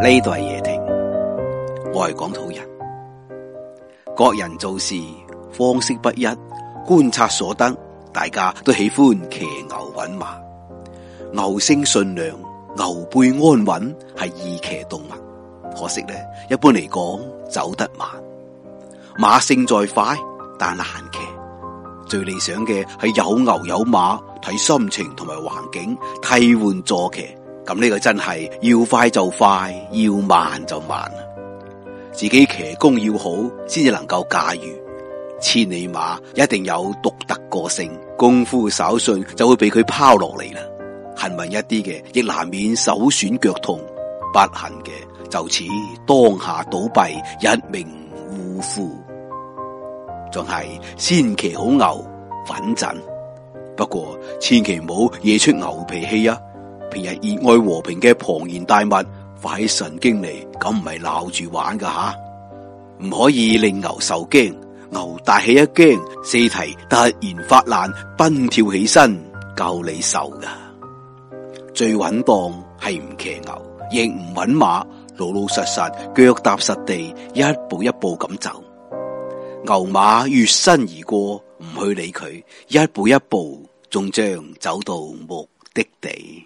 呢度係夜庭，我係港土人。各人做事方式不一，觀察所得，大家都喜歡騎牛穩馬。牛性馴良，牛背安穩，係易騎動物。可惜呢，一般嚟講走得慢。馬性再快，但難騎。最理想嘅係有牛有馬，睇心情同埋環境替換坐騎。咁呢個真係要快就快，要慢就慢啊。自己騎功要好，先至能夠駕馭。千里馬一定有獨特個性，功夫稍遜就會俾佢拋落嚟啦。幸運一啲嘅，亦難免手損腳痛；不幸嘅，就似當下倒閉一命嗚呼。仲係先騎好牛穩陣，不過千祈唔好惹出牛脾氣啊！平日熱愛和平嘅龐然大物快神經嚟，咁唔係鬧住玩噶吓，唔可以令牛受驚。牛大起一驚，四蹄突然發爛，奔跳起身夠你受噶。最穩當係唔騎牛，亦唔穩馬，老老實實腳踏實地，一步一步咁走。牛馬越身而過，唔去理佢，一步一步仲將走到目的地。